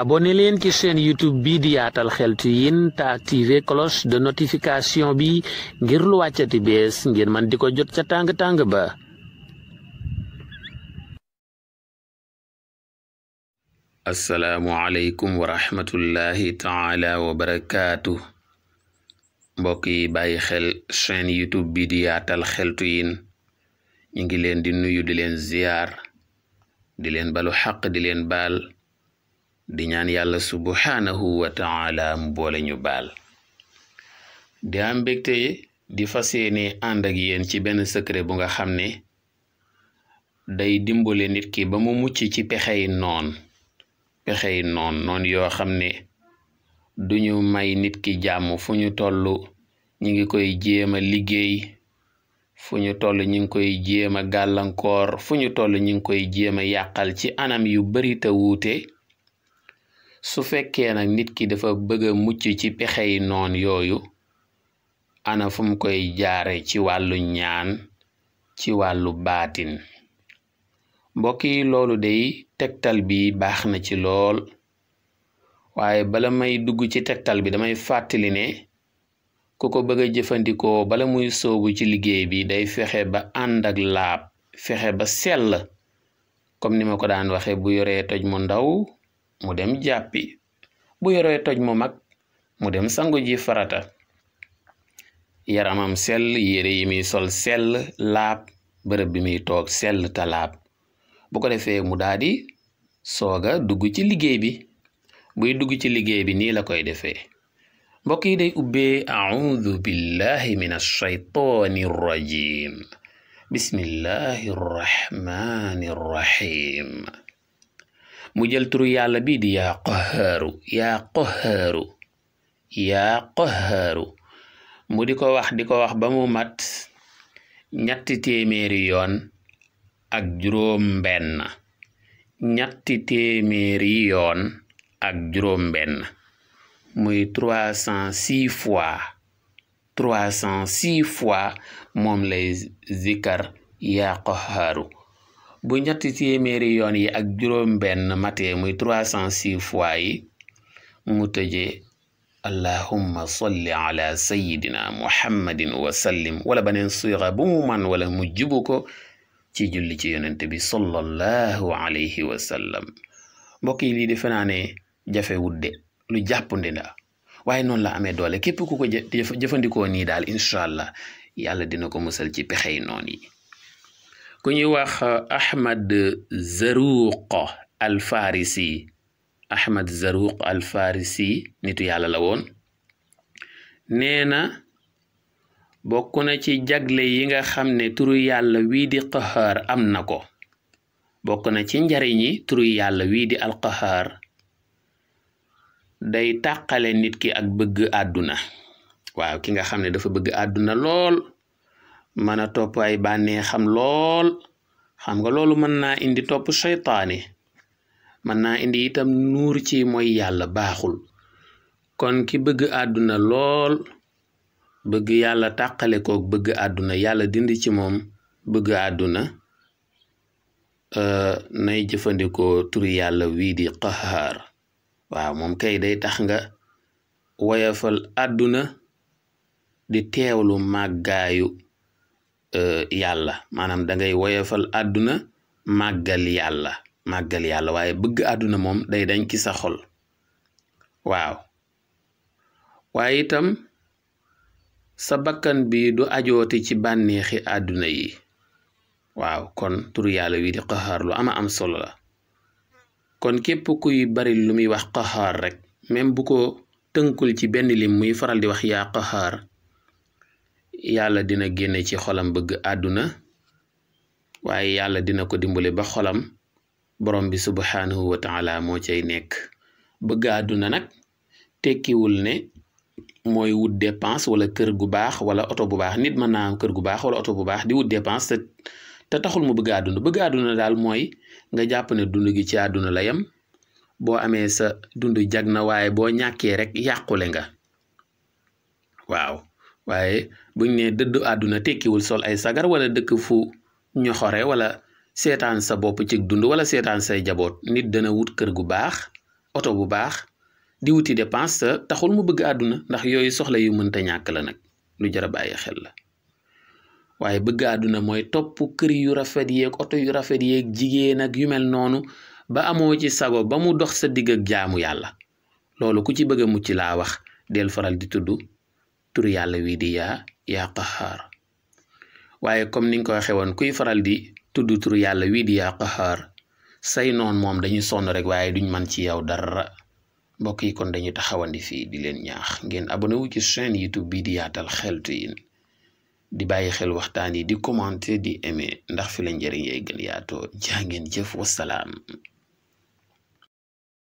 abonné leen ci chaîne youtube bi di yaatal xeltu yin te activé cloche de notification bi ngir lu wàccati bees ngir man di ko jot ca tàng-tàng ba asalaamu aleykum wa rahmatullahi taala wa barakaatu mbokk yi bàyyi xel chaîne youtube bi di yaatal xeltu yin ñu ngi leen di nuyu di leen ziyaar di leen balu xaq di leen baal di ñaan yàlla subhaanahu wa taala mu boole ñu baal di am mbégte di fas yéene ànd ak yéen ci benn secret bu nga xam ne day dimbale nit ki ba mu mucc ci pexey noon pexey noon noon yoo xam ne duñu may nit ki jàmm fu ñu toll ñu ngi koy jéem a liggéey fu ñu toll ñu ngi koy jéem a gàllankoor fu ñu toll ñu ngi koy jéem a yàqal ci anam yu bari te wuute su fekkee nag nit ki dafa bëgg mucc ci pexey noon yooyu ana fu mu koy jaare ci wàllu ñaan ci wàllu baatin mbokk yi loolu day tegtal bi baax na ci lool waaye bala may dugg ci tegtal bi damay fàttali ne ku ko bëgg a jëfandikoo bala muy soobu ci liggéey bi day fexe ba ànd ak laab fexe ba sell comme ni ma ko daan waxe bu yore toj mu ndaw mu dem jàppi bu yoree toj mu mag mu dem sangu ji farata yaramam sell yére yi muy sol sell laab bërëb bi muy toog sell ta laab bu ko defee mu daal di sooga dugg ci liggéey bi buy dugg ci liggéey bi nii la koy defee mbokk yi day ubbee audu billahi min alshaytaani rajim mu jël turu yàlla bii di yaa qaharu yaa qaharu yaa mu di ko wax di ko wax ba mu mat ñetti téeméeri yoon ak juróom benn ñetti téeméeri yoon ak juróom benn muy trois cent six fois trois cent six fois moom lay zikar yaa qaharu bu ñetti téeméeri yoon yi ak juróom-benn matee muy 306 fois yi mu tëjee allahumma salli ala sayidina muhammadin wasallim wala beneen siira bu mu man wala mu jubu ko ci julli ci yonent bi sallallahu alayhi wa sallam mbokk yi lii defe naa ne jafe wudde lu jàppandi la noonu la amee doole képp ku ko jëfandikoo nii daal incha allah yàlla dina ko musal ci pexey noon yi ku ñuy wax euh, Ahmad Zaruq al-Farisi Ahmad Zaruq al nitu yàlla la woon nee na bokk na ci jagle yi nga xam ne turu yàlla wii di qahaar am na ko bokk na ci njariñi turu yàlla wii di alqahaar day tàqale nit ki ak bëgg àdduna waaw ki nga xam ne dafa bëgg àdduna lool mën a topp ay bànneexam lool xam nga loolu mën naa indi topp seytaane mën naa indi itam nuur ci mooy yàlla baaxul kon ki bëgg àdduna lool bëgg yàlla tàqale koog bëgg àdduna yàlla dindi ci moom bëgg àdduna uh, nay jëfandikoo turi yàlla wii di qahaar waaw moom kay day tax nga woyafal àdduna di teewlu màggaayu Euh, yàlla maanaam dangay ngay woyefal àdduna màggal yàlla màggal yàlla waaye bëgg àdduna moom day dañ ci sa xol waaw waaye itam sa bakkan bi du ajooti ci bànneexi àdduna yi waaw kon turu yàlla wi di qaxaar lu ama am solo la kon képp kuy bari lu muy wax qaxaar rek même bu ko tënkul ci benn lim muy faral di wax yaa qaxaar yàlla dina génne ci xolam bëgg àdduna waaye yàlla dina ko dimbale ba xolam borom bi subhaanahu wa taala moo cay nekk bëgg àdduna nag tekkiwul ne mooy wut dépense wala kër gu baax wala oto bu baax nit mën naa kër gu baax wala oto bu baax di wut dépense te te taxul mu bëgg àdduna bëgg àdduna daal mooy nga jàpp ne dund gi ci àdduna la yem boo amee sa dund jag na waaye boo ñàkkee rek yàqule nga waaw waaye buñ ne dëddu àdduna tekkiwul sol ay sagar wala dëkk fu ñoxore wala seetaan sa bopp ci dund wala seetaan say jaboot nit dana wut kër gu baax oto bu baax di wuti dépense taxul mu bëgg àdduna ndax yooyu soxla yu mënta ñàkk la nag lu jar a xel la waaye bëgg àdduna mooy topp kër yu rafet yeeg oto yu rafet yeeg jigéen ak yu mel noonu ba amoo ci sago ba mu dox sa digg ak jaamu yàlla loolu ku ci bëgg a mucc laa wax del faral di tudd tur yàlla wii di ya yaa qaxaar waaye comme ni nga ko waxee woon kuy faral di tudd tur yàlla wii di yaa qaxaar say noon moom dañu sonn rek waaye duñ man ci yow dara mbokk yi kon dañuy taxawandi fii di leen ñaax ngeen abonné wu ci chaîne YouTube bii di yaatal xeltu yin di bàyyi xel waxtaan yi di commenter di aimer ndax fi la njëriñ yay gën yaatoo jaa ngeen jëf